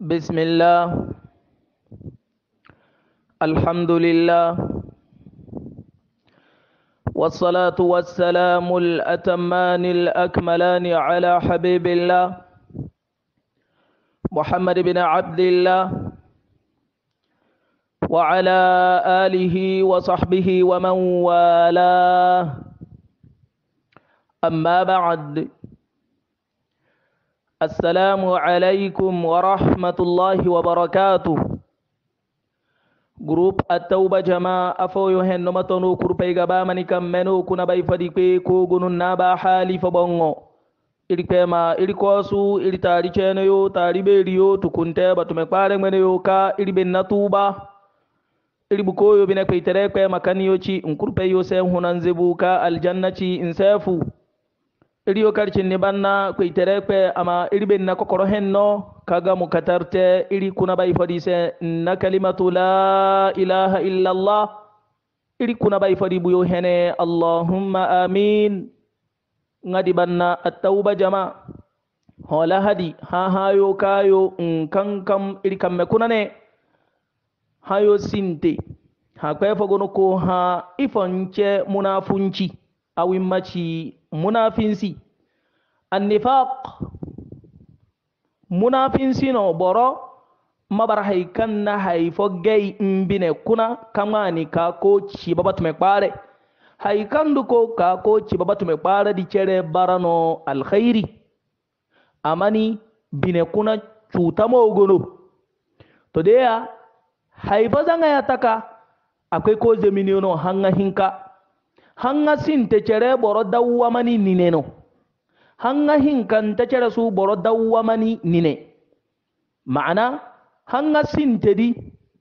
بسم الله الحمد لله والصلاة والسلام الأتمان الأكملان على حبيب الله محمد بن عبد الله وعلى آله وصحبه ومن والاه أما بعد Assalamu alaikum wa rahmatullahi wa barakatuh. Group ta'uba jama'a afo hen no matono kurpay gaba mani kammeno kuna bay fadi pe ko gunun na ba hali fa bongo. Iri ma iri kosu iri tari chene yo tari beri yo tukunte batume kware ngwene yo ka iri ben natuba. Iri bukoyo bine kwe tere kwe makani yo chi nkurpe yo se hunan zebu ka aljanna chi insefu. iriyo karcinni banna kuitere kpe ama iriben na kokoro henno kaga mu katarte iri kuna bai fadi se na kalimatu la ilaha illa allah iri kuna bai fadi buyo hene allahumma amin ngadi banna attauba jama hola hadi ha hayo kayo nkan kam iri kamme kunane hayo sinte ha kwe fogono ko ha ifonce munafunci awin maci munafinsi annifaq munafinsino boro mabar hay kanna hay fo gay mbine kuna kamani ka ko ci baba tume kware hay kandu ko ka ko ci baba tume kware di cere barano al khairi amani bine kuna cuta mo gono to deya hay fo zanga yataka akwai ko zeminino hanga hinka hanga sinte cere boro nine nineno hanga hinkanta cere su boro mani nine ma'ana hanga sinte di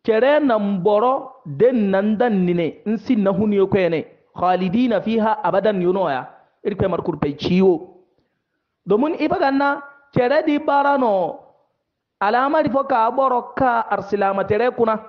cere nan boro den nan dan nine in hun yo kene khalidina fiha abadan ya irke mar kurpe ciwo domin ibaganna cere di barano alamari fo ka boro ka arsilama tere kuna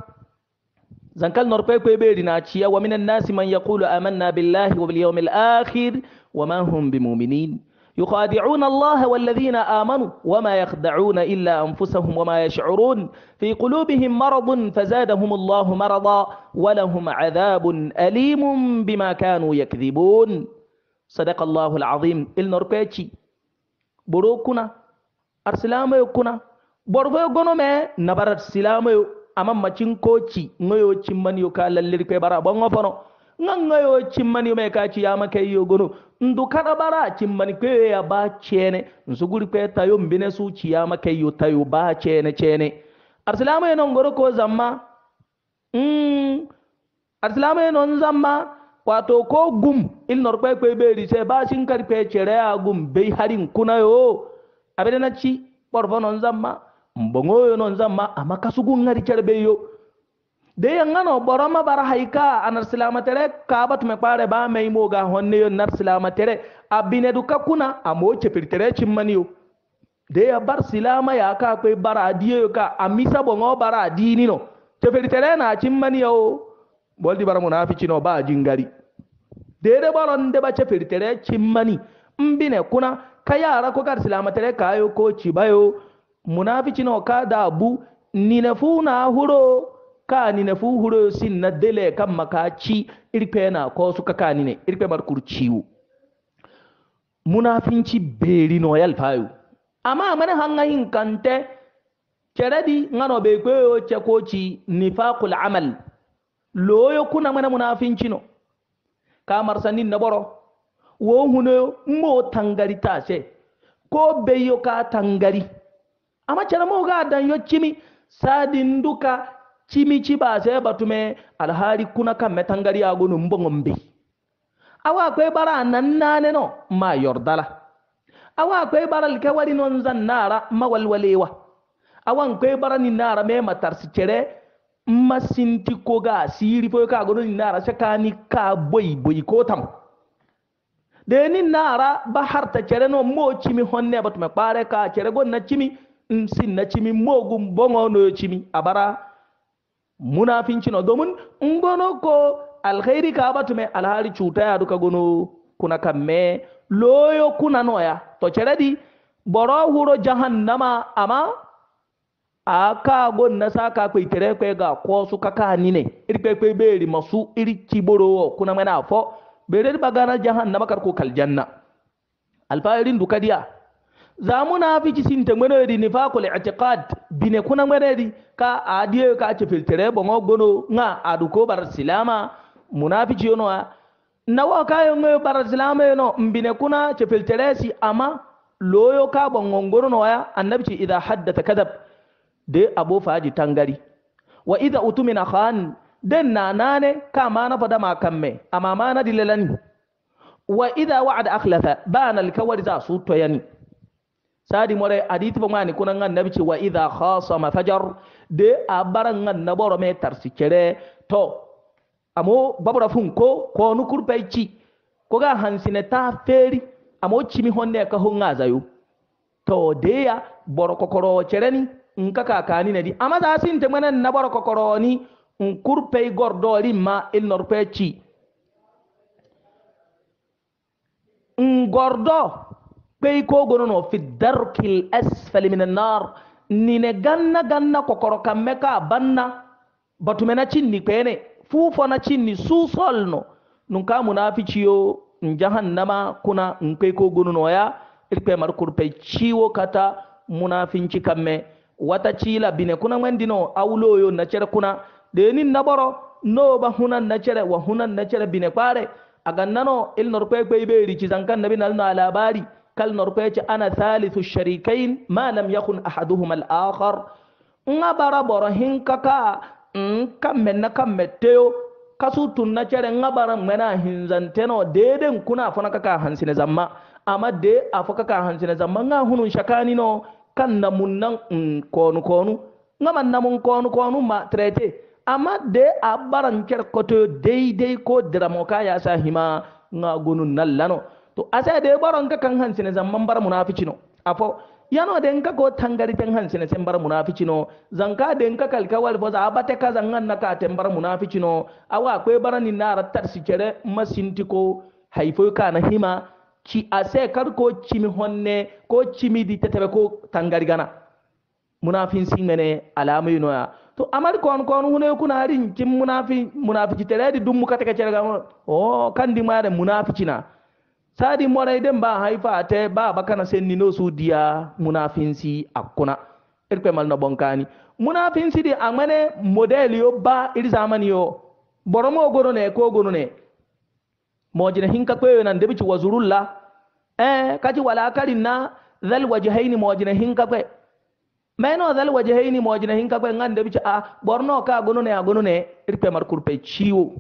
زنكال norpe كوي بيري ناتشيا ومن الناس من يقول آمنا بالله وباليوم الآخر وما هم بمؤمنين يخادعون الله والذين آمنوا وما يخدعون إلا أنفسهم وما يشعرون في قلوبهم مرض فزادهم الله مرضا ولهم عذاب أليم بما كانوا يكذبون صدق الله العظيم النوركيتشي بروكنا أرسلام يكنا بروكنا ما نبرت سلام amma macin koci ngayo cimmani yo ka lallir kai bara ban wafono ngan ngayo y'o mai ka ci yama kai yo gono ndu kada bara mani kai ya ba cene nsuguri kai tayo mbine su ci yama kai yo tayo ba cene cene arsilamu yenon goro ko zamma mm arsilamu yenon zamma wato ko gum ilnor kwe kwe beri se ba sin kar kwe cere a gum bai harin kuna yo abede na ci borfo non zamma mbongo mbongoyo non zamma ama kasugu ngari cerbeyo de ngano boroma bar hayka anar silamatere kaba tume pare ba mai moga honne yo nar silamatere abine du kakuna amo chepirtere yo de ya bar silama ya ka kwe bara adiyo ka amisa bongo bara adini no chepirtere na chimmaniyo boldi bara munafici no ba jingari de de baron de ba chepirtere chimmani mbine kuna kayara ko gar silamatere kayo ko cibayo munafici no ka da bu ni na huro ka fu huro sin na dele kan makaci irfe na ko suka ka ne irfe mar kurciwo munafinci beri no yal fayu amma mana hanga hin kante keredi ngano be kweyo chekoci nifaqul amal loyo kuna mana munafinci no k'a sanin na boro wo hunu mo tangari tase ko beyo ka tangari amma caramo ga dan yo cimi sadin duka cimi ci ba sai batume alhari kuna kan metangari agunu mbongombe awa akwai bara nan nane no ma yordala awa akwai bara alkawari non zan nara mawalwalewa Awa kwai bara ni nara me matarsi cere masinti ko ga siri fo ka gonu ni nara sakani ka boy boy ko tam de ni nara ba har ta cere no mo cimi honne batume kpare ka cere gonna cimi nsin na cimi mogun bongo no cimi abara munafinci no domin ngono ko alkhairi ka batume alhari cuta ya duka gono kuna kamme loyo kuna noya to ceredi boro huro jahannama ama aka gon na saka kwe tere kwe ga ko su kaka ni ne iri kwe kwe beri masu iri kiboro kuna mana fo bere bagana jahannama kar ko kaljanna alfa'irin dukadiya za munafiki sinta ŋmeneri nifakul itiqad bine kuna ŋmeneri ka adiye ka cefiltere boŋo gbono ŋa adu ko bar silama munafici yono a nawo kayo ŋeyo bar silama yono mbine kuna cefilteresi ama loyo ka boŋon gbono noya annabici ida haddata kadab de abo faji tangari wa ida utumina khan den na nanane ka mana fadama kamme ama mana dilelani wa ida wa'ada akhlafa bana alkawari za su toyani sadi more aditi ba mani kunan annabi ce wa idha khasama fajar de a baran boro me tarsi kere to amo babura fun ko ko nu kurpai ci ko ga hansine ta feri amo cimi honne ka hon azayo to deya boro kokoro cereni nka kakani ne di amma za sin te manan na boro kokoro ni nkurpai gordori ma il norpe in ngordo kpey gono no fi darki asfali min annar nine ganna ganna kokoro kamme ka banna batumena cinni kpene fufona cinni susolno nun ka munaficiyo n jahannama kuna n kpey kogono ya iri kpe mar pe ciwo kata munafinci kamme wata cila bine kuna yo na nacere kuna denin naboro ba hunan nacere wa hunan nacere bine kpare aga nano il nor kpekpe ibe iri cizankan nabi nalno alabari na rufe ce ana thalithu sharikain ma lam yakun ahaduhuma al-akhar nga bara boro hin kaka kan men na kan meteo kasu tun na cere nga bara mena no deden kuna fana kaka hansine zamma amma de afa kaka hansine zamma nga hunun shakani no kan na munnan konu konu nga man na mun konu konu ma trete amma de a baran cer koto daidai ko dramoka ka ya sa hima nga gunun nallano to da ya baron ka kan ne zan bar no afo yano den ka ko tangari hansi ne sen bar munafici no den ka ka kalkawal fo za bate ka zan na ka ten bar munaficino awa kwe barani na rattar kere masinti ko haifo ka na hima ci ase kar ko cimi honne ko cimi di tetebe ko tangari gana munafin mene alamu yinoya to amari kon kon hune kuna rin cin munafi munafici tere di dum muka take cerga o oh, di mare munafici na sadi morai den ba haifa te ba bakana senni no su dia munafinsi akuna irkwe mal no bonkani munafinsi di amane model yo ba iri zamani yo boromo gono ne ko gono ne mojina hinka kweyo nan debici wazurulla eh kaji wala karinna dhal wajhaini mojina hinka kwe maino dhal wajhaini mojina hinka kwe ngan debici a ah, borno ka gono ne a gono ne irkwe mar kurpe ciwo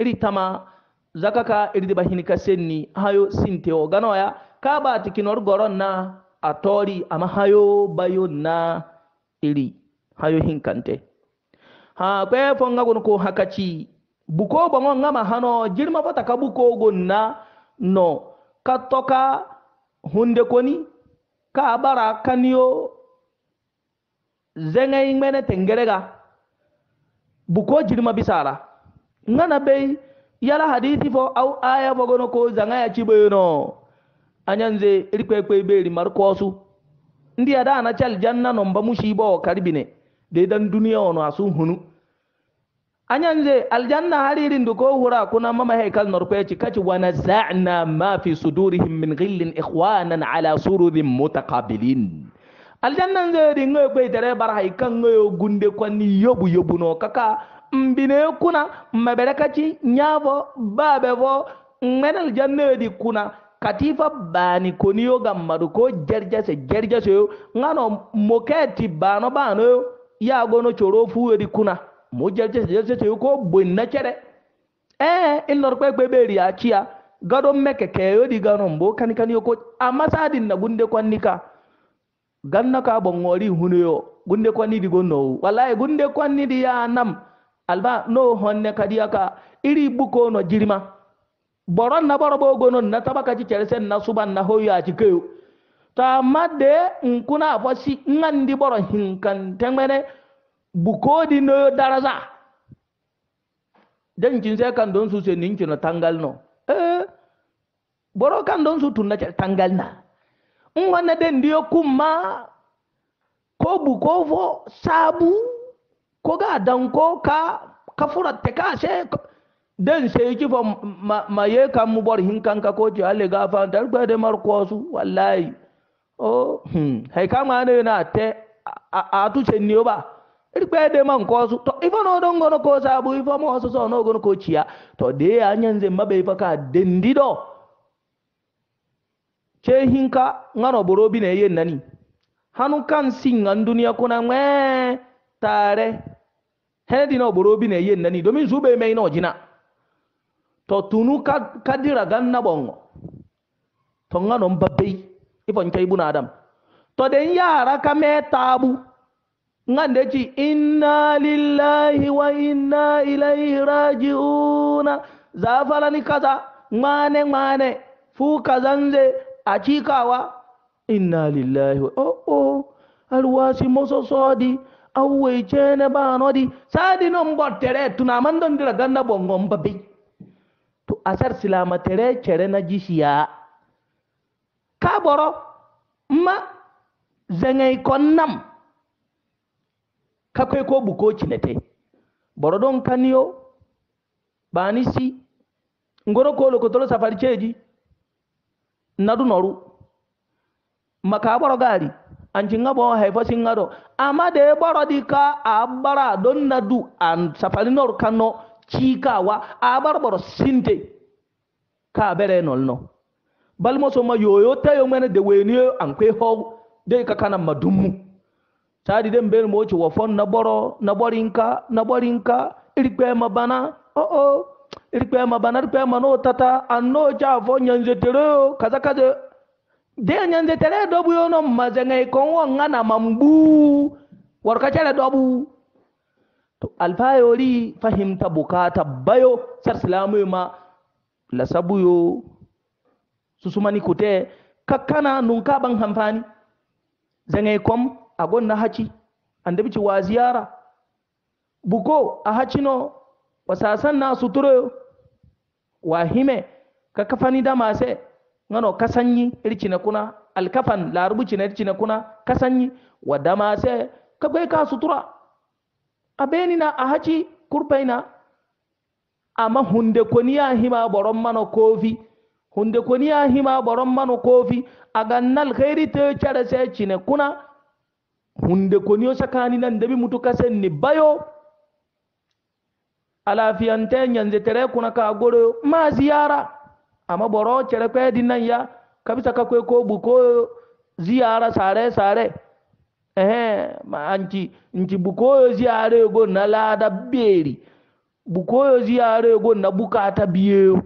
iri tama zakaka irdi hini ka senni hayo sinte o ganoya ka ba tikinor goro na a tori ama hayo bayo na iri hayo hinkante ha kwe fonga gon ko hakachi buko bango ngama hano jirma fata ka buko gon na no ka toka hunde koni ka bara kaniyo zenga ingmene tengerega buko jirma bisara ngana bei yala hadithi fo au aya bogono ko zanga ya chibeno anyanze iri kwekwe ɓeeri mar ndi ada na chal janna no mba musibo karbine de dan duniya ono asu hunu añanze aljanna hariri nduko ko hura kuna mama hekal norpechi kachi kaci za'na ma fi sudurihim min ghillin ihwanan ala sururin mutaqabilin aljanna nzeeri ŋoyo kwe tere barha ikan kan ŋoyo gunde kwani yobu no kaka mbine kuna mebere kati ñaafo baabe fo ŋenel janneedi kuna katifa baani koniyo gammadu ko jerjase jerjase yo ŋano mokeeti baano baano yo yaagono coro fuwedi kuna mo jerjase jerjase yo ko bonna cere e eh, inlor kpekpe ɓeeri a ciya gado meke keyodi gano mbo kanikaniyo ko amasaadin na gunde kwannika ganna ka bo ŋori hunuyo gunde kwanni di gonnowu wallayi gunde kwanni di yaa nam alba no honne ka iri buko no jirima boron na borobo gono na tabaka ci cerese na suban na hoyo a ci kayo ta madde nkuna fosi ngandi boro hinkan tengmene buko di no daraza den cin sai kan don su se nin cin tangal no eh boro kan don su tunna tangal na in wannan den diyo kuma ko buko fo sabu ko ga ko ka ka furatte ka se den se ki fa ma, ma ye kan mu bor hin kan ka ko ji alle ga fa dar gbe de mar ko su wallahi o hmm hay ka ma ne na te a, tu che ni o ba iri gbe de man ko su to ifo no don gono ko sa bu ifo mo so so no gono ko ciya to de ya nyen ze mabe ifa ka dendido ce hinka ngano borobi ne ye nani hanu kan singan duniya kuna ngwe tare hedi no borobi ne yen nani domin zube mai no jina to tunu kadira ganna bongo to no ngano mbabbe ibon kai buna adam to den yara ka me tabu ngande ci inna lillahi wa inna ilaihi raji'una zafalani kaza mane mane fu kazanze achikawa inna lillahi wa oh oh alwasi moso sodi awwe cene banodi sadi non bottere tuna mandon dira ganna bongon babi to asar silama tere cere na jishiya ka boro ma zangai konnam ka kai ko buko cinete boro don kaniyo bani si ngoro ko lokotoro safari ceji nadu noru boro gari anti ngabo hay fo singaro amma de boro di ka a bara don na du a safari nor kanno cikawa a bar boro sinte ka bere nol no balmo so ma yoyo tayo mene de weni an kwe ho de ka kana madummu tadi den ber mo ci wafon na boro na borinka na borinka irikwe mabana o o irikwe mabana irikwe mano tata an no ja fo nyanze tere kaza kaza de nyanzetere dobu yono mazenge kongo ngana mambu warkacele dobu to alfayori fahimta bukata bayo sar silamu ma la sabuyo susumani kute kakkana nunka ban hamfani zangay kom agon na haci andabi ci buko a hacino wasasan na suturo wahime hime kakafani damase ngano kasanyi ircina kuna alkafan larubu cina ircina kuna kasanyi wadda ma sai ka bai ka sutura a na a haci kurfaina amma hunde ya hima boron mano kofi hunde ya hima boron mano kofi a gannal khairi ta cara sai cina kuna hunde koniyo sakani nan da bi mutu kasan ni bayo alafiyanta yanzu tare kuna ka goro ma ziyara amma boro cere kwe din nan ya kabisa ka kwe ko bu ko ziyara sare sare ehe ma anci nci bu ko ziyara ego na lada beri bu ko ziyara ego na bukata biye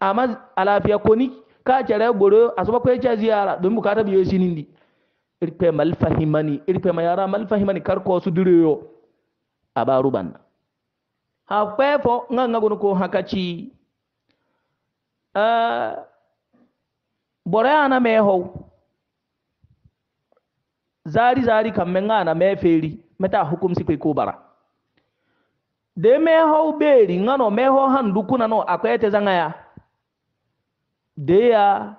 amma alafiya koni ka cere goro asuba kwe cha ziyara don bukata biye sinindi irpe fahimani irpe mayara kar ko su abaru abaruban ha kwefo nga nga gono ko hakachi Eh, bore ana me how zari zari kan men ana me feri mata hukum si ko bara de me how beri ngano me how handu kuna no akwete zanga ya de ya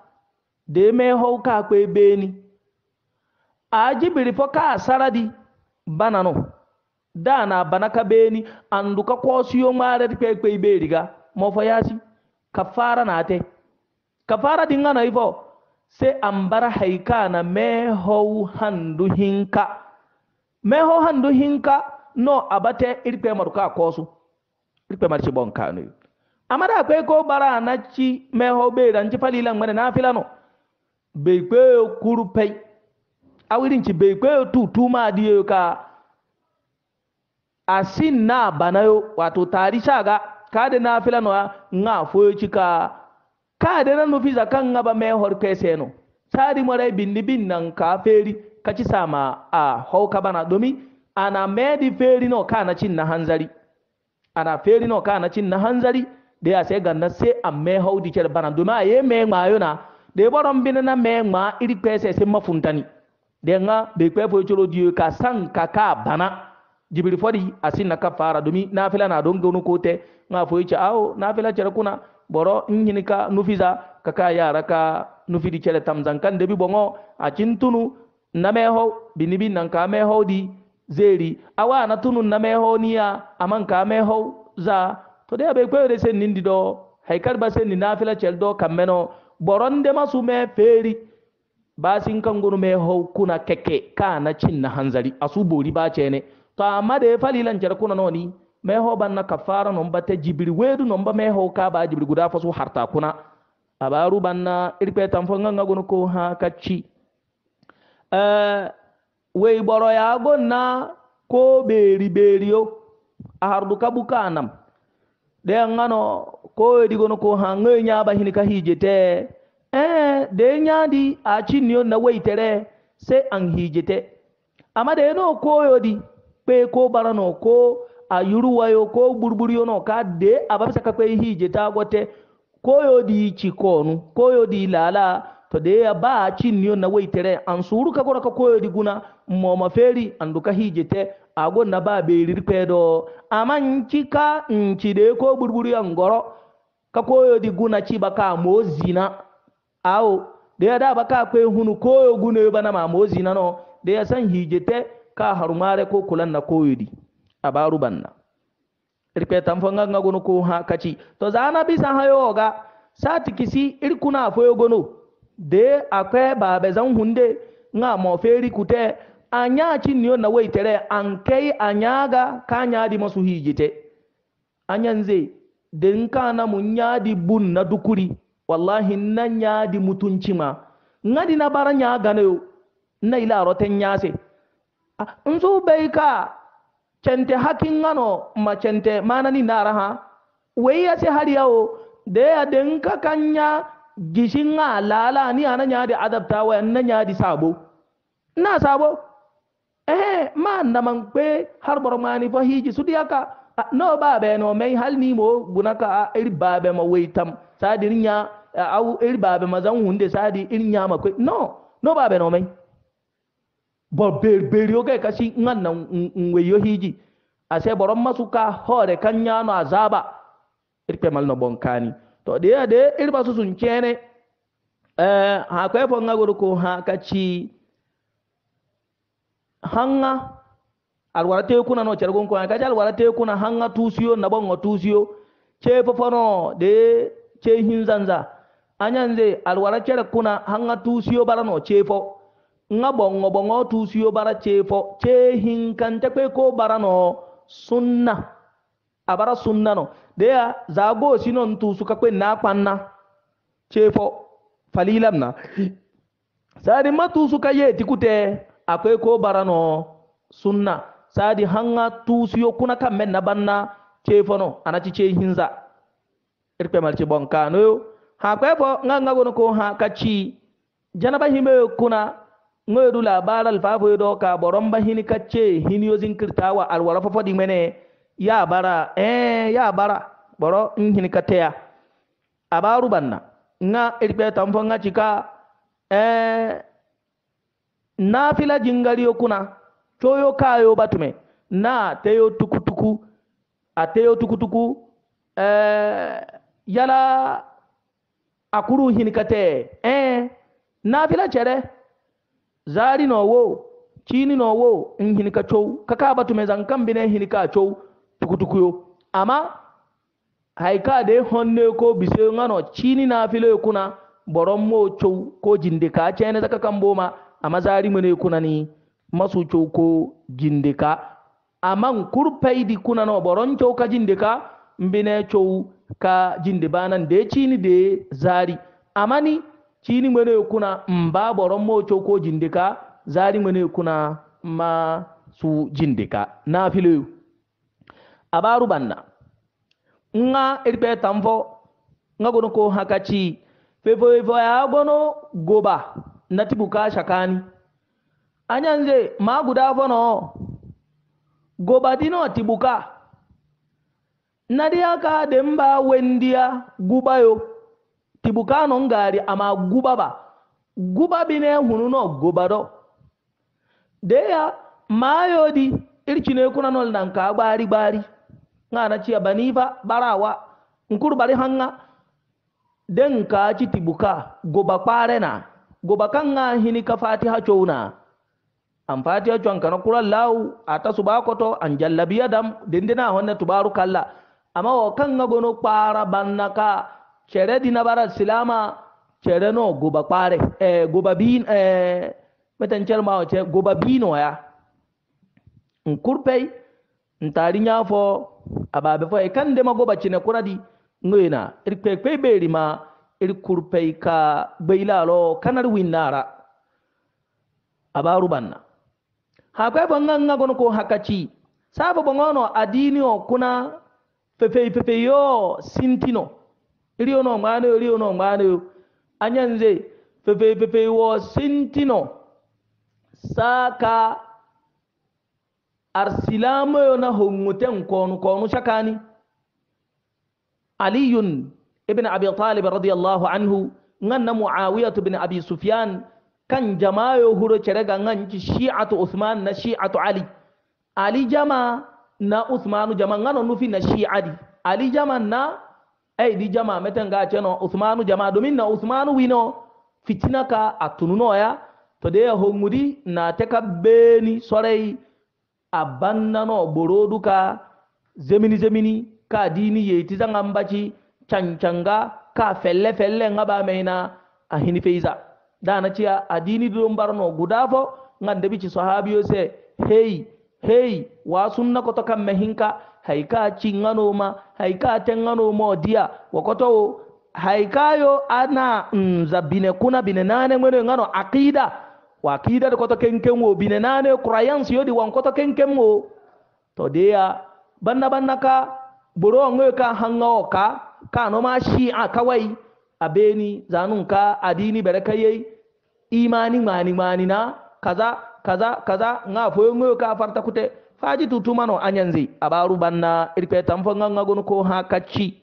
de me how ka kwe beni aji biri fo ka saradi bana no da na bana ka beni andu ka kwosiyo mare kwe kwe beri ga mo fo yasi kafara na te kafara dinga na ifo se ambara haika na meho handu hinka meho handu hinka no abate irpe maruka kosu irpe marci bon kanu amada akwai ko bara na ci meho be dan ci falila ngane na filano be kwe kurupai awirin ci be kwe tutuma diyo ka asin na banayo wato tarisha ga kade na fila no nga foyo chika kade n'a mu fiza kan ba me hor kese no sari mare bindi bin nan ka feri kaci sama a hauka bana domi ana medi feri no kana cin na hanzari ana feri no kana cin na hanzari da ya sai ganna sai a me haudi ker bana domi a ye me ma yona da boron bin na me ma iri pese sai mafuntani da nga be kwe fo choro diyo ka san ka ka bana jibiri fodi asin na kafara domi nafila na don gonu kote nga foyi yice awo nafila cere kuna boro in ka nufiza kaka yara ka nufi cere tamzan kan debi bongo a cin tunu na meho binibi nan ka meho di zeri awa na tunu na meho niya aman ka meho za to dai abai kwayo da sen nindi do haikar ba sen ni nafila cere do kammeno boron de masu me feri basin kan gonu meho kuna keke ka na cin na hanzari asu bori ba cene ne to amma de falilancara kuna noni maho banna kafara nomba te jibiri wedu nomba maho kaba jibiri guda fasu harta kuna abaru banna irpe tanfo ganga gono ko ha kacci eh wey boro ya gonna ko beri beri yo a hardu kabu kanam de ngano ko wedi gono ko ha ngoy nyaba hini ka hijete eh de nyadi a chinni on na wey tere se an hijete amade no ko yodi pe ko barano ko a yuruwayo ko burburiyo no ka de babisa ka kpe hije ko koyo di ko koyo di lala to de ya ba cin niyo na wai tere an suru ka gora ka yo di guna mo ma feri an duka hijete a ba be rirpe do aman nci ka ci de ko burburiyo ngoro ka ko yo di guna ci ba ka mo zina awo de ya da ba ka kwe hunu koyo gune ba na ma mo zina no de ya san hijete ka harumare ko kulan na koyidi abaru banna irpe tan fo ngaga gono ko ha kaci to zana bi san hayoga sati kisi irkuna fo yogono de akwe babe zan hunde nga mo feri kute anya ci niyo na waitere an kai anyaga ka nyadi masu hijite anyanze de nka na mun nyadi bun na dukuri wallahi nan nyadi mutunci ma ngadi na bara nyaga na yo na ila roten nyase nzu bai ka cente hakin gano ma cente ni nara ha wai ya ce har yawo da ya dinka kanya gishin a lala ni a nan ya da adabta wa nan ya da sabo na sabo eh ma na man kwe har bar mani fa hiji su diya ka no ba be no mai hal ni mo gunaka a iri ba be ma waitam sadirin ya au iri ba be ma zan hunde sadi irin ya ma kwe no no ba be no mai ba beri oge kashi ngan na nwe yo hiji ase boron masuka hore kan nyano azaba irpe mal no bonkani to de de irba su sun kene eh ha ko efo ngaguru ko ha kaci hanga alwara te kuna no cergon ko kaci alwara te kuna hanga tusiyo na bongo tusiyo ce fofono de ce zanza anyanze alwara cere kuna hanga tusiyo barano ce fo nga bongo bongo siyo bara chefo che kanta kwe ko bara no sunna abara sunna no deya zago sinon tusu kakwe na kwanna chefo falilam na sadi matu ka yeti tikute akwe ko bara no sunna sadi hanga siyo kuna kamme na banna chefo no anachi hinza irpe malchi yo. ha kwe fo nga nga gono ko ha kachi janaba himbe kuna ngoydu labaral fafoyoɗo ka ɓoromba hini kacce hiniyo zinkirtawa alwara fofodi mene ya bara e ya bara ɓoro n hini katteya abaru banna nga irɓe tan fo nga cika e eh, nafila jingariyo kuna coyo kayo batume na teyo tukutuku a teyo tukutuku e yala akuru hini kate e nafila cere zari no wo kini no wo in ka chow kaka batu me zankan bine hinika chow tukutukuyo amma haika de honne ko bise ngano chini na filo kuna boron mo chow ko jinde ka chene zaka kan boma amma zari mene kuna ni masu chow ko jinde ka amma kurpaidi kuna no boron chow ka jinde mbine chow ka jinde banan de chini de zari amani chini mwene kuna mba boro mo choko jindika zari mwene kuna ma su jindika na filu abaru banna nga irpe tamfo nga gono ko hakachi fefo fefo ya gono goba Tibuka shakani anyanze ma guda fono goba dino tibuka nadi aka demba wendia gubayo tibukano ngari ama gubaba gubabine hununo gubado deya mayodi irchine kunanol nan ka gbari gbari ngana chiya banifa barawa nkuru bari hanga den ka chi tibuka goba pare na goba kanga hini ka fati ha chouna am fati ha chon kana kula lau ata suba koto an jallabi adam dendena honna tubaru kalla ama wo kanga gono para banna ka chere di nabara silama chere no goba pare eh goba bin eh metan ma wace goba bino ya nkurpei ntari nyafo ababe fo e kan de magoba cine kuradi ngoyina irkpekpe beri ma kurpe ka gbeilalo kanar winnara abaru banna hakwe bonga ngagon ko hakachi sabu bongono adini o kuna fefe fefe yo sintino rio no mano rio no mano anyanze pepe pepe wo sintino saka arsilamo yo na hongote nkonu konu shakani aliyun ibn abi talib radiyallahu anhu nganna muawiyatu ibn abi sufyan kan jamayo huro cerega nganci shi'atu uthman na shi'atu ali ali jama na uthmanu jama ngano nufi na shi'adi ali jama na ay di jama meten ga cheno usmanu jama domin na usmanu wino fitina ka atununo ya to de na teka beni sorai abanna no boroduka zemini zemini ka dini yeti zanga ambaci cancanga ka felle felle nga ba maina a hini feiza dana ciya adini don barno guda fo ngande bici sahabiyo se hey hey wa sunna ko to kam mehinka haika chingano ma haika tengano ma dia wakoto haikayo ana nza bine kuna bine nane mwenye ngano akida wa akida de koto kenken wo bine nane kurayansi yodi wa koto kenken wo to dia banna banna ka boro ngwe ka hanga ka ka no ma shi a kawai abeni zanun ka adini yei imani mani mani na kaza kaza kaza ngafo yungwe ka farta kute faji tutumano anyanzi abaru banna irpe tamfo ngangagun ko ha kacci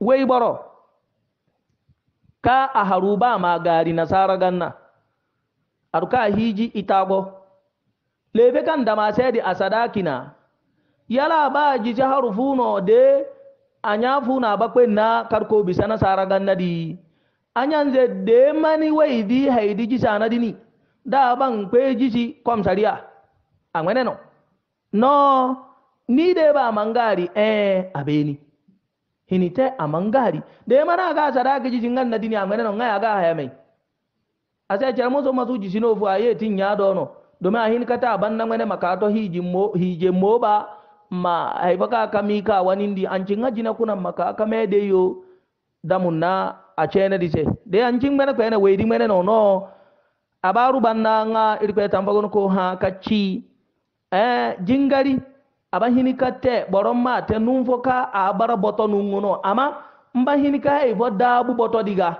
wei boro ka a ba ma gari nasara ganna arka hiji itago lebe kan da masedi asadakina yala ba jiji harufuno de anya funa bakwe na karko bisa nasara ganna di anyanze de mani wai di haidi ji na dini da ban kwe jiji komsariya a no. no ni de ba mangari eh abeni hinite a mangari de mana ga sara ga jiji ngan nadini am ngana ngai aga ha mai ase jar mo so ma suji sino fu aye tin ya do no do ma hin kata ban nan ngane makato hiji mo hije mo ba ma ai baka kami ka wani ndi an cin ngaji na kunan maka ka me de yo da mun na a ce na dise de an cin mena kwena weidi mena no no abaru ban na nga irpe tan ko ha kacci eh jingari aba hinika te ma mma te numfo ka agbara boto nunguno ama mba hinika eh, ifo dabu boto diga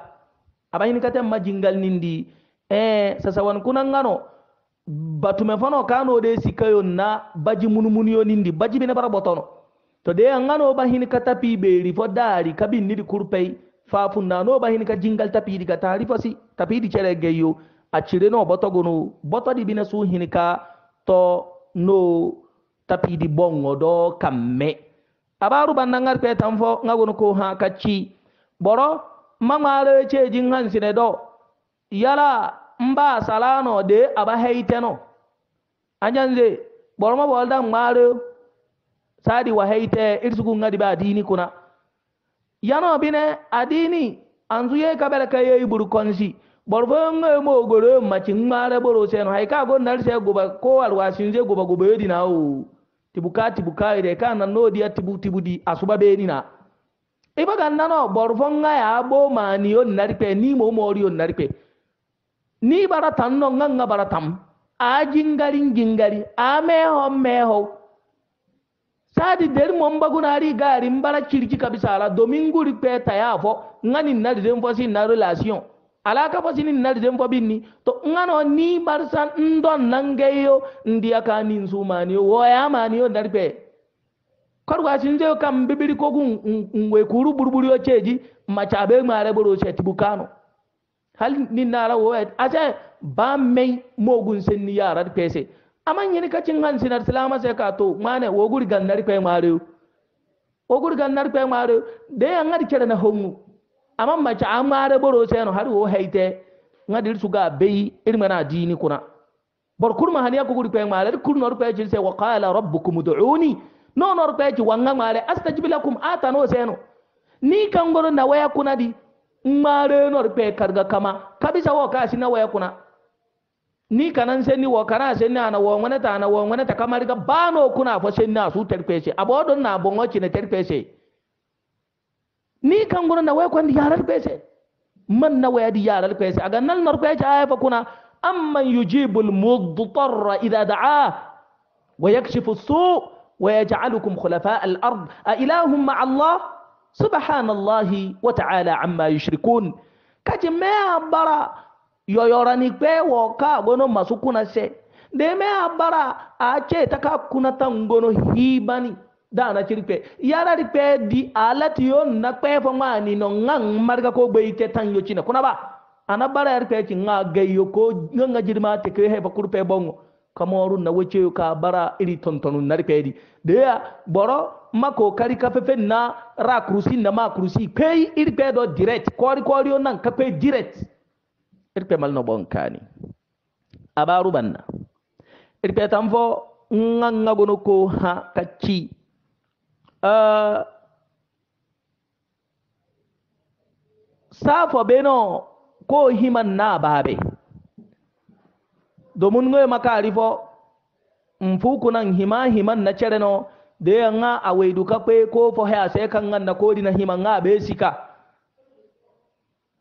aba hinika ma mma jingal nindi eh sasa wan kuna ngano batume fano kano de sikayo na baji munumuniyo nindi baji bine bara botono to de ngano ba hinika tapi beri fo dari kabin nidi kurpei fafunda no ba hinika jingal tapi diga tarifa si tapi di cere geyo a cire no boto gono boto di bine su hinika to no tapiidi boŋo do kamme abaru ban na ŋar petan fo ŋa wono ko ha kacci boro ma ŋwaaroweceejin hansine do yala mba salano de aba heyteno anyanze boro ma bolda ŋwaaro saadi wa heyte irsugu ŋadi be adini kuna yano bine adini anzu ye kabele ka yeyi buru konsi borbon eh, mo goro maci mara boro seno hay ka gon nar se goba ko war wasin je goba goba yodi na o tibuka tibuka ire ka na no dia tibu tibu di asuba be ni na iba e ga na no borbon ga ya bo ma ni on nar pe ni mo mo ri on nar pe ni bara tan no nga nga bara tam a jingari jingari a me ho me ho sadi deri mo mbagunari gari mbara kirki kabisa ala dominguri pe ta ya fo ngani na de mfosi na relation ala ka fasini nali den fobinni to ngano ni barsa ndon nangeyo ndiya ka nin sumaniyo woya maniyo darpe korwa sinje kam bibiri kogun ngwe kuru burburiyo ceji macabe mare boro seti bukano hal ni nara wo ase ba mai mogun senni de pese aman yini cin han sinar salama sai ka to mane wogur gannar pe mare wogur gannar pe mare de yangar kere na hongu amma mace an mare boro sai no har wo haite ngadir suga bei irma na dini kuna bor kurma haniya ko guri pe mare kurno rupe jil sai wa qala rabbukum ud'uni no no rupe ji wanga mare astajib lakum atano sai no ni kan goro na waya kuna di mare no rupe karga kama kabisa wo ka na waya kuna ni kanan sai ni wo kana sai ni ana wo ngana ta ana wo ngana ta kamar ga bano kuna fa sai na su terpese abo don na bongo ci na terpese ni kan gona na wai kwandi yaral kwese man na wai di yaral kwese aga nal nar kwese ay fa kuna amman yujibul mudtarra idha da'a wa yakshifu su wa yaj'alukum khulafa al-ard a ilahum ma Allah subhanallahi wa ta'ala amma yushrikun kaje me abara yoyorani pe wo ka gono masukuna se de me abara a che ta ka kuna tangono hibani dana kirpe yara rikpe di alati yo na kpe fo ni no ngang marga ko be ite tan yo china kuna ba ana bara yar pe ki nga gay yo ko nga jirma te ke he ba kurpe bongo kamoru na wece yo ka bara iri tonu na rikpe di de ya boro mako kari ka fefe na ra krusi na ma krusi pe iri pe do direct kori kori yo nan ka pe direct pe mal no bon kani abaru banna iri pe tamfo nga nga gono ko ha ka ci Uh, safa beno ko himan na babe domin ngoye maka fo mfuku nan hima himan na cere no da ya nga a waidu ka kwe ko fo haya sai kan nan na kodi na himan nga be sika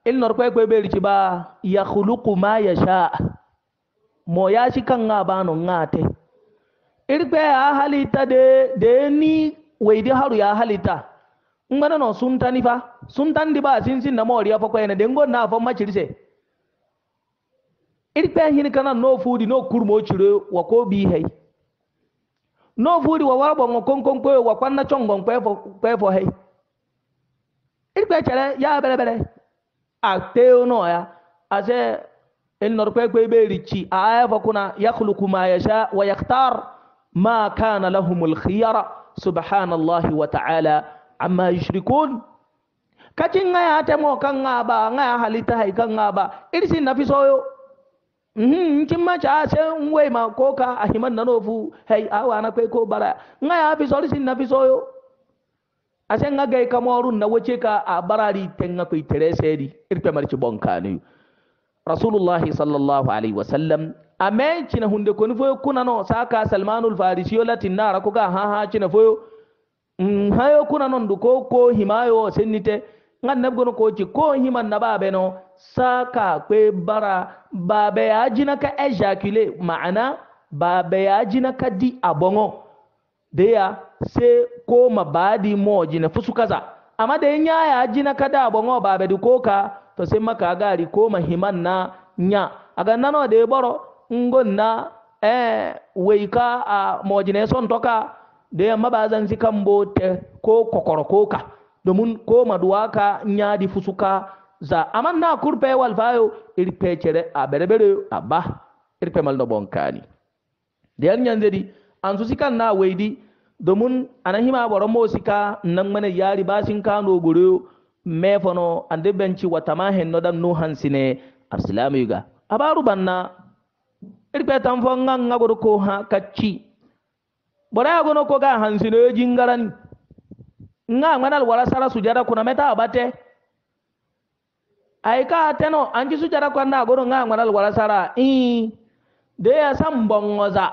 in nor kwe kwe be rici ba ya khuluqu ma yasha mo ya shi kan nga ba no nga te irbe a halita de de ni waidin haru ya in ngana no suntani fa di ba sin sin na mori ya fakwai na dengo na fa iri irpe hin kana no fudi no kurmo chire wa ko bi hay no fudi wa bon kon kon kwe wa kwanna chongo kwe fo kwe fo hay irpe chere ya bere bere a te no ya a se el nor kwe kwe be richi a ya fa kuna yakhluqu ma yasha wa yaktar ma kana lahumul khiyara subhanallahi wa ta'ala amma yushrikun kacin ngaya ta mo kan nga ba ngaya halita hay kan nga ba irsin nafi soyo mhm kin ma cha se nwe ma koka ka ahiman na nofu hay awa na kai ko bara ngaya fi so irsin na fi soyo asen nga ka kamorun na wace ka a barari tenga kai tere di irpe marci bonkani rasulullahi sallallahu alaihi wasallam amen cina hunde koni foyo no saka salmanul farisiyo latin nara ha haha cina foyo mm, hayo non du ko ko himayo sennite ngan nab gono koci ko himan na babe no saka kwe bara babe ajina ka ejaculé ma'ana babe ajina ka di abongo deya se ko mabadi mo jina fusu kaza amma da nya ya jina ka da abongo babe du koka to sai maka gari ko mahiman na nya aga nano da boro na eh weika a mojine son toka da yamma ba zan si ko te ko ka, domin ko maduwa ka nyadi fusuka za aman na kurpe wal fayo irpe pechere a berebere abba irpe mal no bonkani da yan yanzedi an su sikan na weidi domin anahima boron mo sika nan mana yari basin kano gure mefono ande benci watama hen no dan no hansine arsilamu yuga abaru banna irpe tan fo ŋaŋa gor ko ha kacci bora ya gono ko ga hansino yo jingarani ŋa ŋanal wala sara sujada kuna meta abate ay ka teno anji sujada kwanda gono ŋa ŋanal wala sara i de ya sam bongoza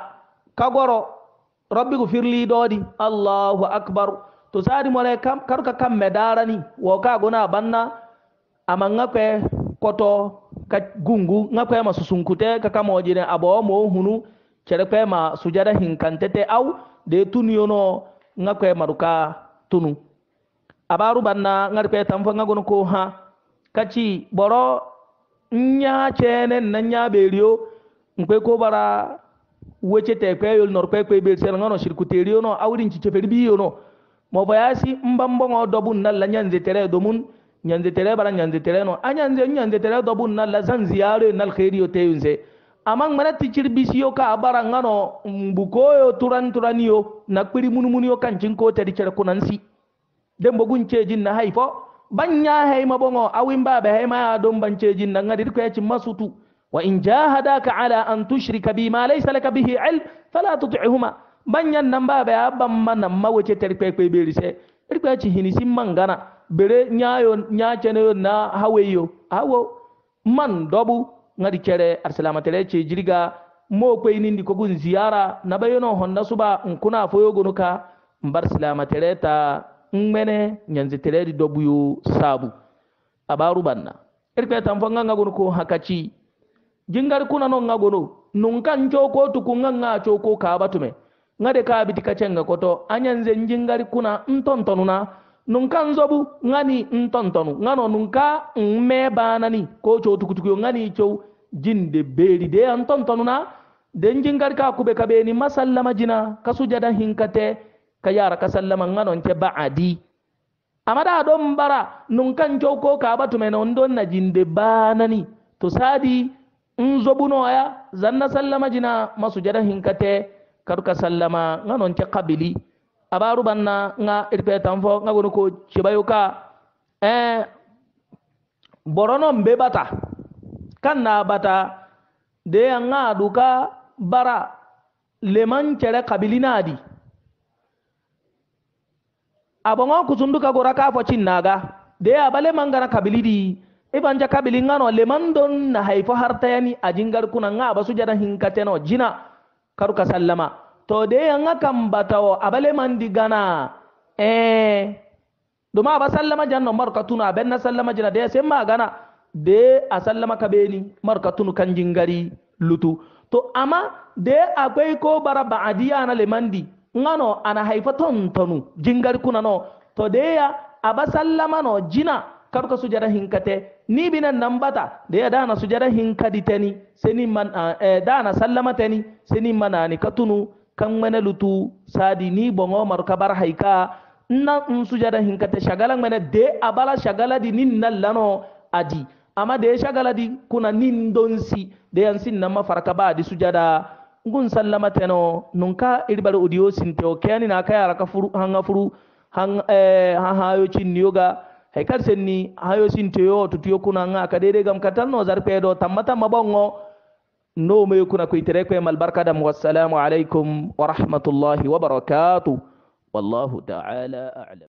kagoro robbi ko firli dodi allahu akbar to sari mole kam karuka kam medarani wo ka gona banna amanga kwe koto ka gungu nga kwe ma susunkute ka kama wajire abo mo hunu kere kwe ma sujada hinkantete au de tunu yono nga kwe maruka tunu abaru banna nga kwe tamfa nga gono ko ha kaci boro nya chene na nya beriyo nkwe ko bara wece te kwe yol nor kwe kwe beri sel ngano shirkuteri yono awrin ci cheferi bi yono mo bayasi mbambo dobun na lanyanze tere domun nyanze tere bara nyanze tere no anyanze nyanze tere do bun na la zan ziyare nal khairi yo teyunze amang mana tichir yo ka bara ngano yo turan turaniyo na munu yo kan ko tedi cere kunansi dem bogun cejin na haifo banya haima bongo awin babe hay ya don ban cejin na ngadi ko yacin masutu wa in jahadaka ala an tushrika bi ma laysa laka bihi ilm fala tuti'huma banyan nan babe abban manan terpe terpepe berise irko yacin hinisi mangana bere nyayo nyacheneyo na haweyo awo man dobu ngadi kere arsalamatere ce jirga mo kwai nindi ko gun ziyara na bayono honda suba nkuna foyo gonuka mbar salamatere ta ngmene nyanzi teredi dobu yo sabu abaru banna irpe nga ngagonu ko hakachi jingar kuna no ngagonu nunkan choko tuku nga nga choko kabatume ngade kabiti kachenga koto anyanze njingari kuna ntontonuna nunka nzobu ngani ntontonu ngano nunka nme banani ko cho tukutuku ngani cho jinde beri de antontonu na den jingar ka kube kabe ni masallama jina jada, hinkate ka yara ka sallama ngano nke ba'adi amada don bara nunka cho ko ka batu non don na jinde banani to sadi nzobu ya zanna sallama jina masujada hinkate karuka sallama ngano nke kabili abaru banna nga irpe tamfo nga gonu ko cibayuka eh borono mbe bata kan na bata de nga duka bara leman chere kabilina di abongo kusunduka gora ka fo cinnaga de abale mangara kabilidi ibanja kabilinga no leman don na haifo hartayani ajingar kuna nga basu jada hinkateno jina karuka sallama to de yanga kambatawo abale mandi gana eh duma ba sallama janno markatuna na sallama jina de ma gana de a sallama kabeni kan jingari lutu to amma de akwai ko bara ba'adiya na lemandi ngano ana haifa tontonu jingari kuna no to de ya aba sallama no jina karka sujada hinkate ni binan nan bata da ya dana sujada hinkadi teni sai ni man eh, dana sallama teni sai ni ka katunu kan mene lutu sadi ni bongo mar bar haika na in sujada hinkata shagala mene de abala shagala di nin na lano adi amma da ya shagala di kuna nin donsi da yansin na mafarka ba di sujada ngun sallama teno nunka irbar udiyo sinteo kiyani na kayara ka furu hanga furu han eh han hayo cin yoga haikar senni hayo sinteo tutiyo kuna nga ka gam katal no tamata mabongo no me kuna ko itere ko mal barka dam wassalamu alaikum wa rahmatullahi wa barakatu wallahu ta'ala a'lam